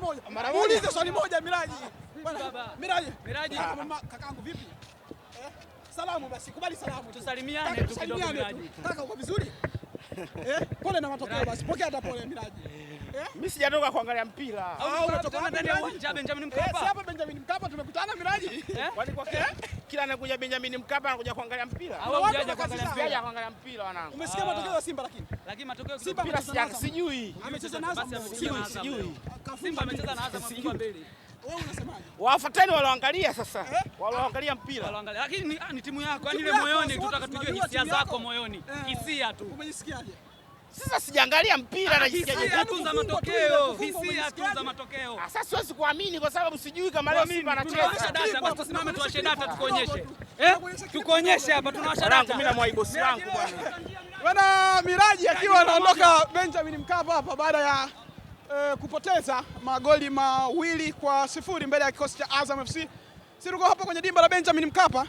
moja. Muulize swali moja Miraji. Miraji. Miraji. Ah. Kakaangu vipi? Eh? Salamu basi, kubali salamu. Tusalimiane tu kidogo Miraji. Kaka uko vizuri? Eh? Pole na matokeo basi. Pokea hata pole Miraji. Eh? Mimi sijatoka kuangalia mpira. Au unatoka ndani ya uwanja Benjamin eh, Mkapa? Eh, si hapa Benjamin Mkapa tumekutana Miraji. Eh? Kwani kwa kile? Eh? mpira anakuja Benjamin Mkapa anakuja kuangalia mpira. Haja kuangalia mpira wanangu. Umesikia matokeo ya Simba lakini? Lakini matokeo ya Simba sijui. Amecheza na Azam sijui. Simba amecheza na Azam mbili. Wewe unasemaje? Wafuateni walioangalia sasa. Eh? Walioangalia mpira. Walioangalia. Lakini ni ah, timu yako, yani ile moyoni tutaka tujue hisia zako moyoni. Eh. Hisia tu. Umejisikiaje? Sasa sijaangalia mpira na jinsi gani. Hisia matokeo, hisia tu za matokeo. Ah, sasa siwezi kuamini kwa sababu sijui kama leo Simba anacheza. Data basi tusimame tuwashe data tukuonyeshe. Eh? Tukuonyeshe hapa tunawasha data. Mimi na mwaibu mwaibosi wangu bwana. Bwana Miraji akiwa anaondoka Benjamin Mkapa hapa baada ya eh, kupoteza magoli mawili kwa sifuri mbele ya kikosi cha Azam FC. Siruko tuko hapa kwenye dimba la Benjamin Mkapa.